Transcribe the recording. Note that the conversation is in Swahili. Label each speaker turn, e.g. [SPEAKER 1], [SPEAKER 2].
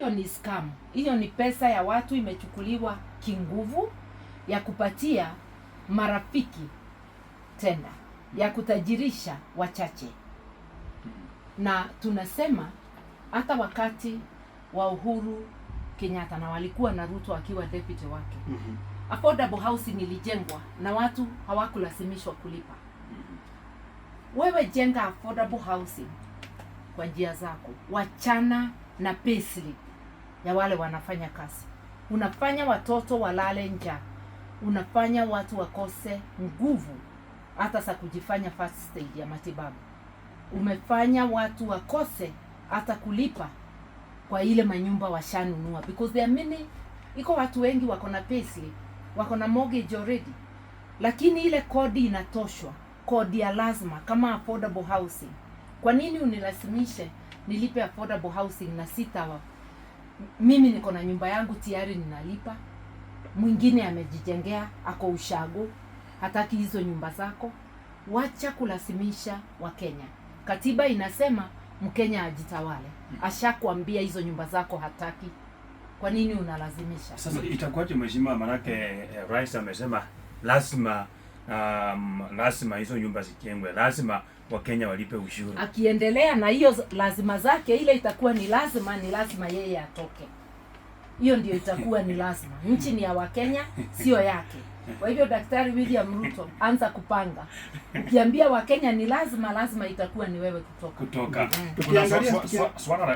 [SPEAKER 1] Hiyo ni scam. Hiyo ni pesa ya watu imechukuliwa kinguvu ya kupatia marafiki tena ya kutajirisha wachache. Na tunasema hata wakati wa Uhuru Kenyatta na walikuwa na Ruto akiwa deputy wake. Mm -hmm. Affordable housing ilijengwa na watu hawakulazimishwa kulipa. Mhm. Wewe jenga affordable housing kwa njia zako. Wachana na payslip ya wale wanafanya kazi. Unafanya watoto walale njaa, unafanya watu wakose nguvu hata za kujifanya first stage ya matibabu, umefanya watu wakose hata kulipa kwa ile manyumba washanunua, because there are many, iko watu wengi wako na payslip, wako na mortgage already, lakini ile kodi inatoshwa, kodi ya lazima kama affordable housing. Kwa nini unilazimishe nilipe affordable housing na sitawa mimi niko na nyumba yangu tayari ninalipa, mwingine amejijengea ako ushago, hataki hizo nyumba zako. Wacha kulazimisha Wakenya. Katiba inasema Mkenya ajitawale. Hmm. Ashakwambia hizo nyumba zako hataki, kwa nini unalazimisha?
[SPEAKER 2] Sasa itakuwaje mheshimiwa? Manake eh, rais amesema lazima um, lazima hizo nyumba zijengwe, lazima Wakenya walipe ushuru.
[SPEAKER 1] Akiendelea na hiyo lazima zake, ile itakuwa ni lazima, ni lazima yeye atoke. Hiyo ndio itakuwa ni lazima. Nchi ni ya Wakenya, sio yake. Kwa hivyo Daktari William Ruto, anza kupanga. Ukiambia Wakenya ni lazima, lazima itakuwa ni wewe kutoka
[SPEAKER 2] kutoka. Mm.